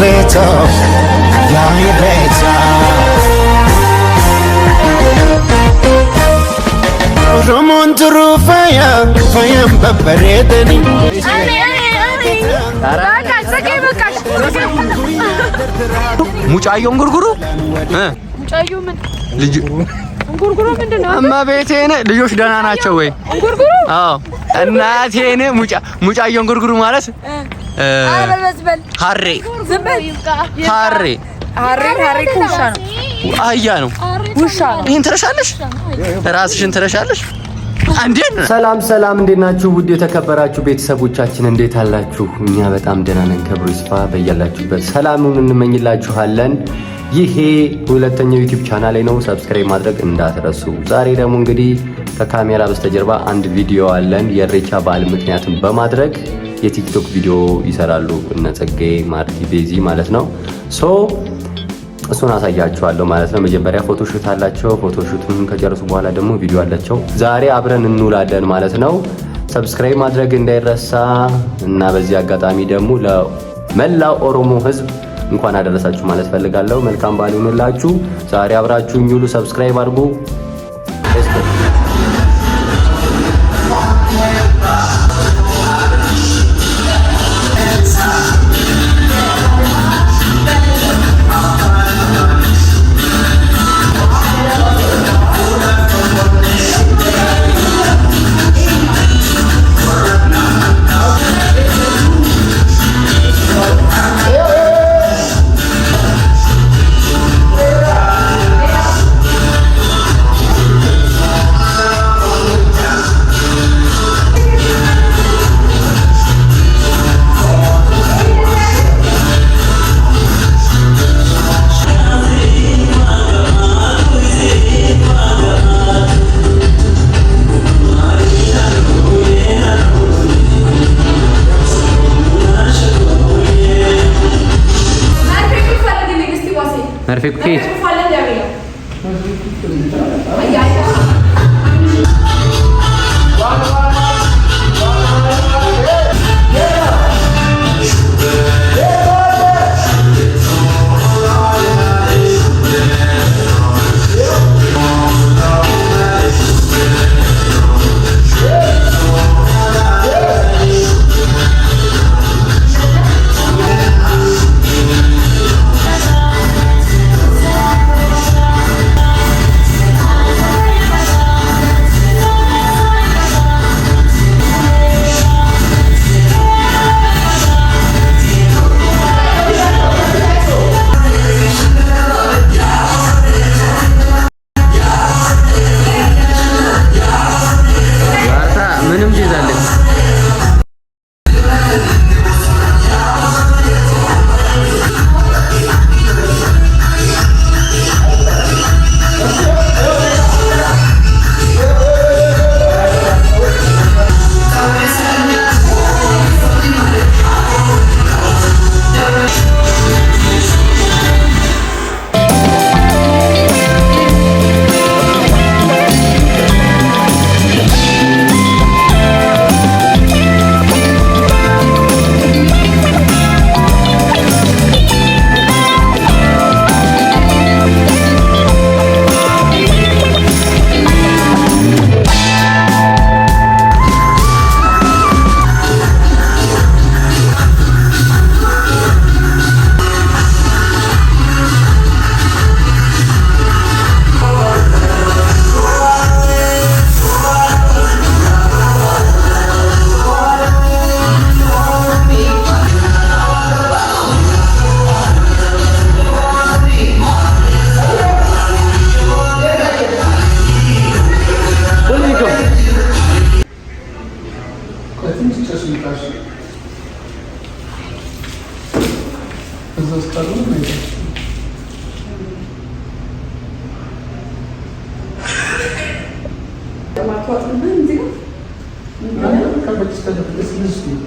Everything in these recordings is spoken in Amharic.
ቤቶ ያሚ ቤታ ሮሞንትሩ ፈያ ፈያም በበሬደኒ ሙጫየውን ጉርጉሩ እመቤቴን ልጆች ደህና ናቸው ወይ? እናቴን ሙጫየውን ጉርጉሩ ማለት ሀሬ ሀሬ ሀሬ ውሻ ነው፣ አህያ ነው፣ ውሻ ነው። ይህን ትረሻለሽ፣ ራስሽን ትረሻለሽ። ሰላም ሰላም፣ እንዴት ናችሁ? ውድ የተከበራችሁ ቤተሰቦቻችን እንዴት አላችሁ? እኛ በጣም ደህና ነን። ክብሩ ይስፋ በያላችሁበት ሰላሙን እንመኝላችኋለን። ይሄ ሁለተኛው ዩቲዩብ ቻናሌ ነው። ሰብስክራይብ ማድረግ እንዳትረሱ። ዛሬ ደግሞ እንግዲህ ከካሜራ በስተጀርባ አንድ ቪዲዮ አለን የኢሬቻ በዓል ምክንያትን በማድረግ የቲክቶክ ቪዲዮ ይሰራሉ እነ ጸጌ ማርቲ ቤዚ ማለት ነው። ሶ እሱን አሳያችኋለሁ ማለት ነው። መጀመሪያ ፎቶሹት አላቸው። ፎቶሹትም ከጨረሱ በኋላ ደግሞ ቪዲዮ አላቸው። ዛሬ አብረን እንውላለን ማለት ነው። ሰብስክራይብ ማድረግ እንዳይረሳ እና በዚህ አጋጣሚ ደግሞ ለመላ ኦሮሞ ሕዝብ እንኳን አደረሳችሁ ማለት ፈልጋለሁ። መልካም በዓል ይሁንላችሁ። ዛሬ አብራችሁ የሚውሉ ሰብስክራይብ አድርጉ። perfect pitch. karşı. Kız dostları mıydı? Ama tatlımdan değil não Yani kapat istedim, istedim.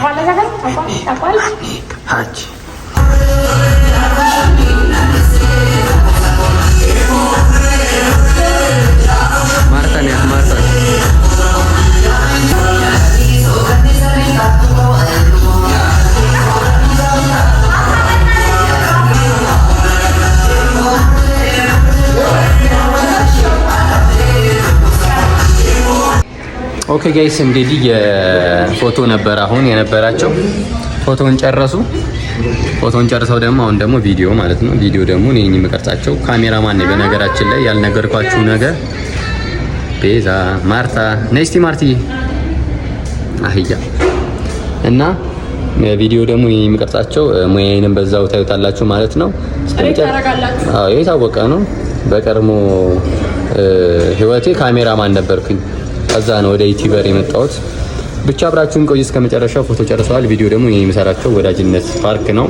Gracias. Aç. ኦኬ ጋይስ እንግዲህ የፎቶ ነበር አሁን የነበራቸው ፎቶን ጨረሱ። ፎቶን ጨርሰው ደግሞ አሁን ደግሞ ቪዲዮ ማለት ነው። ቪዲዮ ደግሞ እኔ ነኝ የምቀርጻቸው። ካሜራማን ነኝ። በነገራችን ላይ ያልነገርኳችሁ ነገር ቤዛ፣ ማርታ ነስቲ፣ ማርቲ አህያ እና ቪዲዮ ደግሞ እኔ ነኝ የምቀርጻቸው። ሙያዬንም በዛው ታዩታላችሁ ማለት ነው። አዎ የታወቀ ነው። በቀድሞ ህይወቴ ካሜራማን ነበርኩኝ። ከዛ ነው ወደ ዩቲዩበር የመጣሁት። ብቻ አብራችሁን ቆዩ እስከ መጨረሻው። ፎቶ ጨርሰዋል። ቪዲዮ ደግሞ ይሄ የምሰራቸው ወዳጅነት ፓርክ ነው።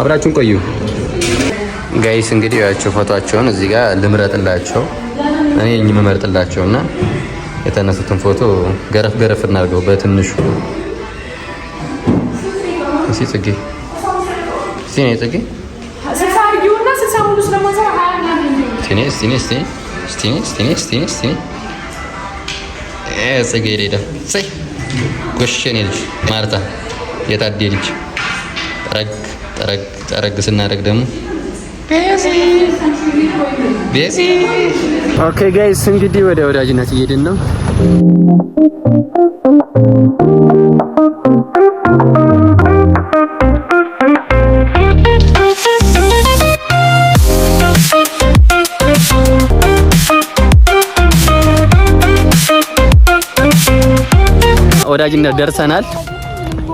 አብራችሁን ቆዩ ጋይስ። እንግዲህ ያቸው ፎቶአቸውን እዚህ ጋር ልምረጥላቸው እኔ እኝ መመርጥላቸውና የተነሱትን ፎቶ ገረፍ ገረፍ እናድርገው በትንሹ። እሺ ጽጌ፣ እሺ ነው ጽጌ ስቲኔ ስቲኔ ስቲኔ ስቲኔ ስቲኔ ስቲኔ ጽጌ ሌዳ ሰይ ጎሸኔ ልጅ ማርታ የታዴ ልጅ ጠረግ ጠረግ ጠረግ ስናደርግ ደግሞ ኦኬ ጋይስ እንግዲህ ወደ ወዳጅነት እየሄድን ነው። ወዳጅነት ደርሰናል።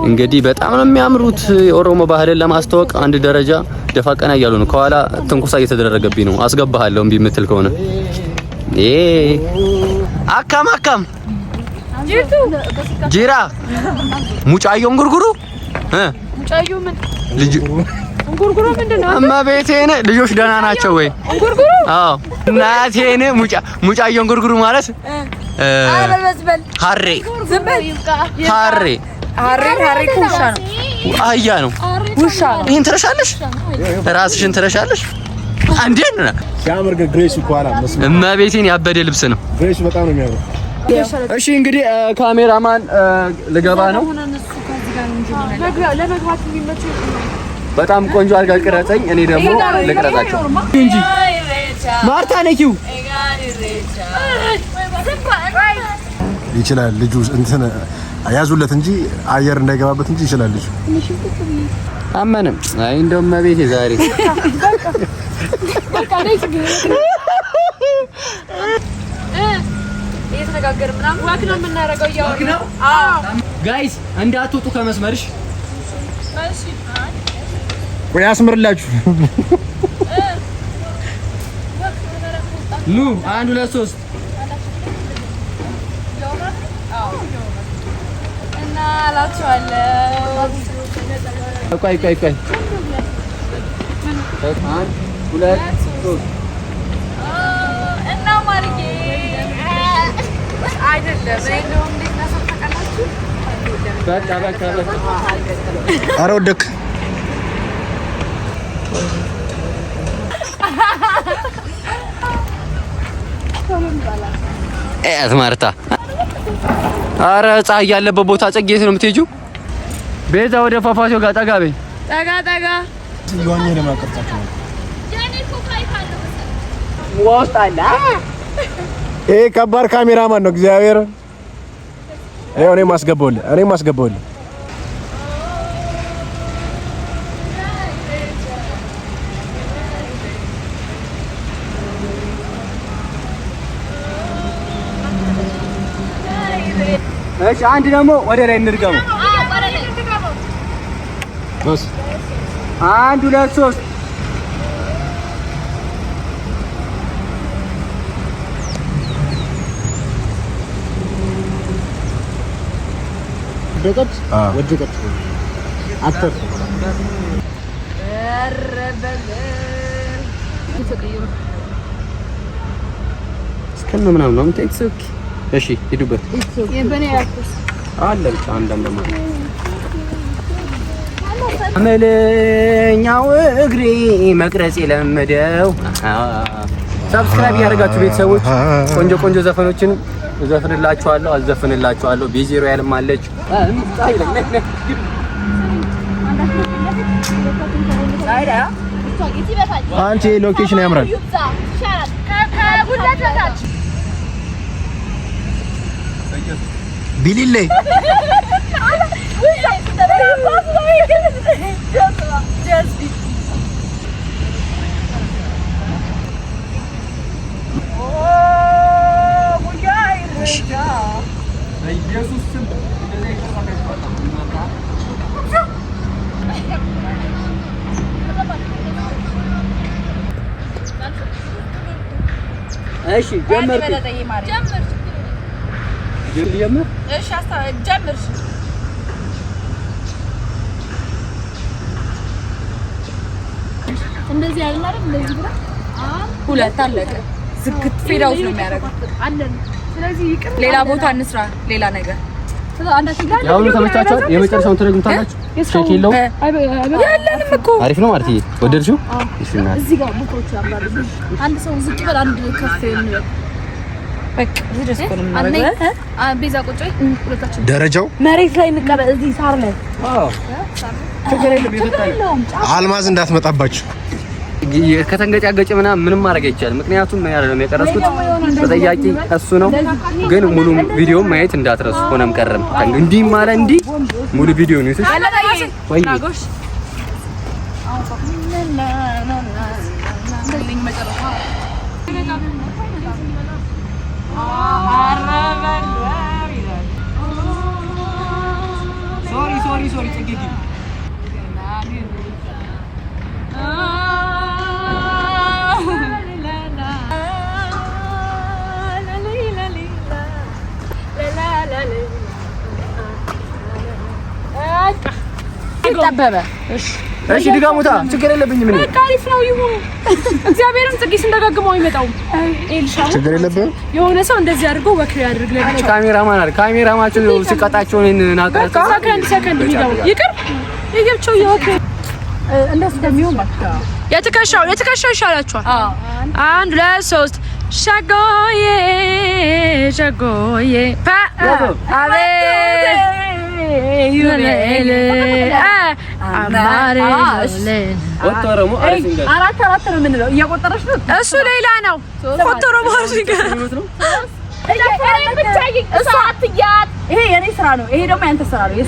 እንግዲህ በጣም ነው የሚያምሩት። የኦሮሞ ባህልን ለማስተዋወቅ አንድ ደረጃ ደፋ ቀና እያሉ ነው። ከኋላ ትንኩሳ እየተደረገብኝ ነው። አስገባሃለሁ እምቢ የምትል ከሆነ ኤ አካም አካም ጂራ ሙጫዮን ጉርጉሩ እ ሙጫዮ ምን ልጅ ጉርጉሩ ምንድነው? ልጆች ደህና ናቸው ወይ? ጉርጉሩ አዎ እናቴን ሙጫ ሙጫዮን ጉርጉሩ ማለት ሀሬ አህያ ነው፣ ውሻ ነው። ይሄን ትረሻለሽ፣ ራስሽን ትረሻለሽ። እንዴት ነው ሲያምር! ግሬሱ ኳላ መስሎ እመቤቴን ያበደ ልብስ ነው። ግሬሱ በጣም ነው የሚያምረው። እሺ እንግዲህ ካሜራማን ልገባ ነው። በጣም ቆንጆ አድርጋ ቅረጸኝ፣ እኔ ደግሞ ልቅረጻቸው ማርታ ነኪው ይችላል ልጁ እንትን ያዙለት እንጂ አየር እንዳይገባበት እንጂ ይችላል ልጁ። አመንም አይ እንደውም መቤቴ ዛሬ ጋይስ እንዳትወጡ ከመስመርሽ ወይ አስምርላችሁ። ኑ አንድ ሁለት ሶስት እላችኋለሁ። ቆይ ቆይ ቆይ ሁለት ሶስት እና ማርጌ አረ ወደክ እያት አረ ፀሐይ ያለበት ቦታ ጽጌ የት ነው የምትሄጂው? ቤዛ ወደ ፏፏቴው ጋር ጠጋ በይ። ጠጋ ጠጋ ይሄ ከባድ ካሜራማን ነው። እግዚአብሔር እኔ ማስገባውልህ እኔ ማስገባውልህ እሺ፣ አንድ ደግሞ ወደ ላይ እንድገመው። አንድ ሁለት ሶስት ወደቀች ወደቀች። አጥተር እስከነ ምናምን ነው። እሺ ሂዱበት። አለ ብቻ አንዳንድ አመለኛው እግሬ መቅረጽ የለመደው ሰብስክራይብ ያደርጋችሁ ቤተሰቦች፣ ቆንጆ ቆንጆ ዘፈኖችን እዘፍንላችኋለሁ አዘፍንላችኋለሁ። ቢዜሮ ያልም አለች አንቺ ሎኬሽን ያምራል። Bilirle. ماشي جمر جمر ጀምር እንደዚህ አይደል እንደዚህ ብራ ሁለት አለቀ። ዝግት ፌዳው ነው የሚያደርገው ሌላ ቦታ እንስራ፣ ሌላ ነገር ያሁኑ ተመቻችኋል? የመጨረሻውን ትደግምታላችሁ? ቼክ የለውም። ያለንም እኮ አሪፍ ነው ማለት ወደድሽው? እዚህ ጋር አንድ ሰው ዝቅ ይበል፣ አንድ ከፍ ደረጃው መሬት ላይ እንቀበል። እዚህ ሳር ላይ አልማዝ እንዳትመጣባችሁ። ከተንገጫገጭ ምናምን ምንም ማድረግ አይቻልም። ምክንያቱም ያለው የቀረስኩት ተጠያቂ እሱ ነው። ግን ሙሉ ቪዲዮ ማየት እንዳትረሱ። ሆነም ቀረም እንዲህ ማለ እንዲህ ሙሉ ቪዲዮ ነው ወይ ሶሪ ሶሪ ሶሪ ፅጌ ግቢ ጠበበ እሺ ድጋሙታ ችግር የለብኝም። እኔ አሪፍ ነው ይሁን። እግዚአብሔርም ጽጌስ እንደጋግመው አይመጣውም። ችግር የለብህም። የሆነ ሰው እንደዚህ አድርጎ ወክሬ አድርግ አንቺ ካሜራማን አድርግ። ካሜራማቸው ሲቀጣቸው እኔን ናቀራቸው። ሰከንድ ሰከንድ ይገው ይቅር ይገብቸው ይወክሬ እንደሱ ደሚው ማታ የትከሻው የትከሻው ይሻላችኋል። አንድ ሁለት ሶስት ሸጎዬ ሸጎዬ ፓ አቤ አ አራት አራት ነው የምንለው። እየቆጠረች እሱ ሌላ ነው ቆጠሮ ስራ ነው። ይሄ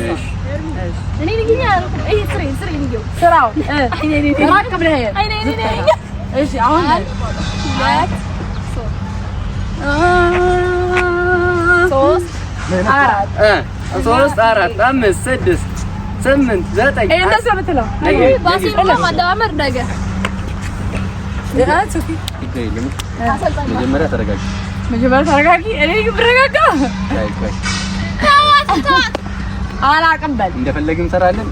ሶስት አራት አምስት ስድስት ስምንት ዘጠኝ ማደማመር ነገር መጀመሪያ ተረጋጊ፣ መጀመሪያ ተረጋጊ። እኔ ብረጋጋ አላቅም። በል እንሰራለን።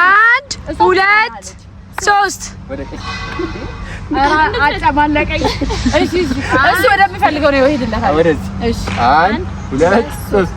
አንድ ሁለት ሶስት እሱ ወደሚፈልገው ነው ይሄድለታል። አንድ ሁለት ሶስት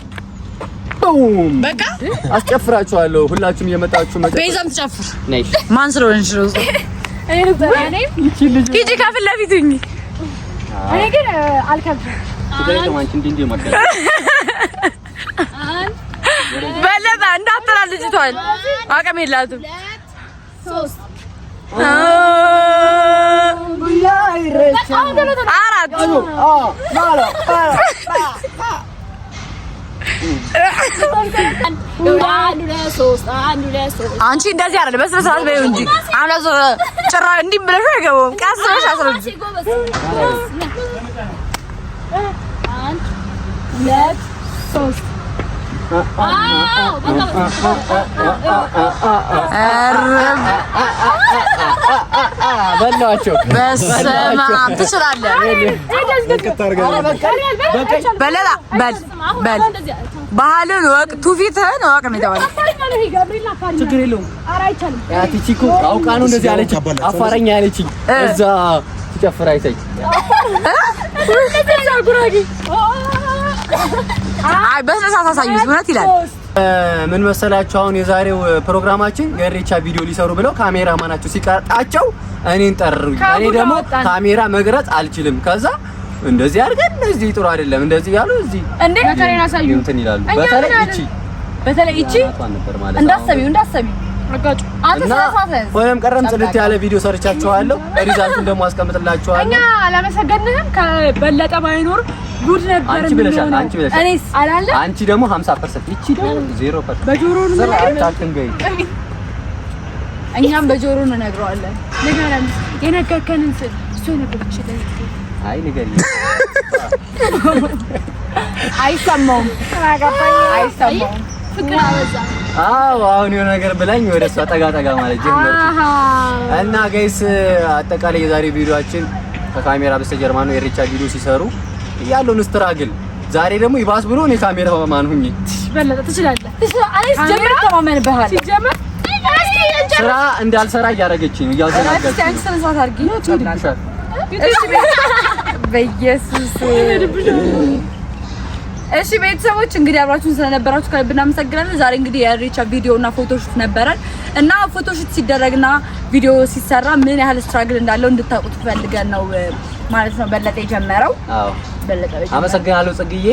በቃ አስጨፍራችኋለሁ። ሁላችሁም የመጣችሁ ቤዛም ትጨፍር። ማን ስለሆነች ነው? ሂጂ ከፊት ለፊት ሁኚ። እኔ ግን አልከብድም። በለጠ እንዳትላ ልጅቷን አቅም የላትም። አራት አንቺ እንደዚህ አይደል፣ በስነ ስርዓት በይው እንጂ አምላክ ጭራ እንዲህ ብለሽ አይገባም። ቀስ ብለሽ አስረጅ። በላቸው። በስመ አብ ትችላለህ። በል በል ባህልን ወቅ ትውፊትህን ወቅ ነው ችግር የለውም ያቲቺ እኮ አውቃ ነው እንደዚህ አለች። አፋረኛ አለች እዛ ትጨፍር አይተኝ አይ በስነ አሳዩት አሳዩኝ እውነት ይላል። ምን መሰላችሁ አሁን የዛሬው ፕሮግራማችን የእሬቻ ቪዲዮ ሊሰሩ ብለው ካሜራማናቸው ማናቸው ሲቀጣቸው እኔን ጠሩኝ። እኔ ደግሞ ካሜራ መግረጽ አልችልም ከዛ እንደዚህ አድርገን እንደዚህ ጥሩ አይደለም፣ እንደዚህ ያሉ እዚህ እንዴ መከራን አሳዩ እንትን ይላሉ። በተለይ እቺ በተለይ እቺ እንዳሰቢው እንዳሰቢው ሆነም ቀረም ጽድት ያለ ቪዲዮ ሰርቻችኋለሁ። ሪዛልቱን ደግሞ አስቀምጥላችኋለሁ። እኛ አላመሰገንህም። ከበለጠ ባይኖር ጉድ ነበር። አንቺ ብለሻል፣ አንቺ ብለሻል። እኔስ አላለም። አንቺ ደግሞ 50% እቺ ደግሞ 0% በጆሮ ነው። እኛም በጆሮ እንነግረዋለን። ነገረን የነገርከንን ስል እሱ የነገረችን አይ ንገሪኝ። አይሰማውም አይሰማውም። አዎ አሁን የሆነ ነገር ብላኝ ወደ እሷ ጠጋ ጠጋ ማለት ጀመርኩ። እና ጋይስ አጠቃላይ የዛሬ ቪዲዮአችን ከካሜራ በስተጀርባ ነው የሪቻ ቪዲዮ ሲሰሩ ያለውን ስትራግል ዛሬ ደግሞ ይባስ ብሎ እኔ ካሜራ ማን ሁኝ በለጠ ትችላለህ። ስራ እንዳልሰራ እያደረገችኝ ነው። በኢየሱስ እሺ ቤተሰቦች እንግዲህ አብራችሁን ስለነበራችሁ ከልብ እናመሰግናለን። ዛሬ እንግዲህ የኢሬቻ ቪዲዮ እና ፎቶሹት ነበረን እና ፎቶሹት ሲደረግና ቪዲዮ ሲሰራ ምን ያህል ስትራግል እንዳለው እንድታውቁት ፈልገን ነው ማለት ነው በለጠ የጀመረው። አመሰግናለሁ ጽግዬ።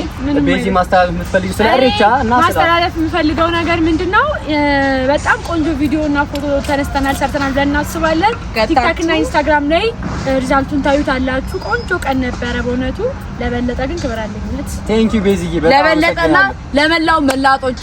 በዚህ ማስተላለፍ የምትፈልጊው ስለ ኢሬቻ እና ማስተላለፍ የምፈልገው ነገር ምንድነው በጣም ቆንጆ ቪዲዮ እና ፎቶ ተነስተናል፣ ሰርተናል ብለን እናስባለን። ቲክታክ እና ኢንስታግራም ላይ ሪዛልቱን ታዩታላችሁ። ቆንጆ ቀን ነበረ በእውነቱ። ለበለጠ ግን ክብር አለኝ። ቴንኪው ቤዝዬ፣ ለበለጠና ለመላው መላጦች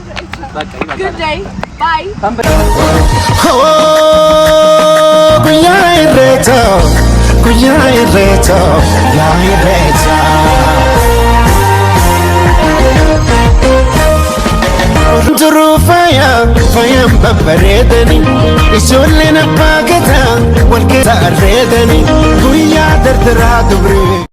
bareedani ijoolleen abbaa gadaa wal keessa areedani guyyaa dardaraa dubree.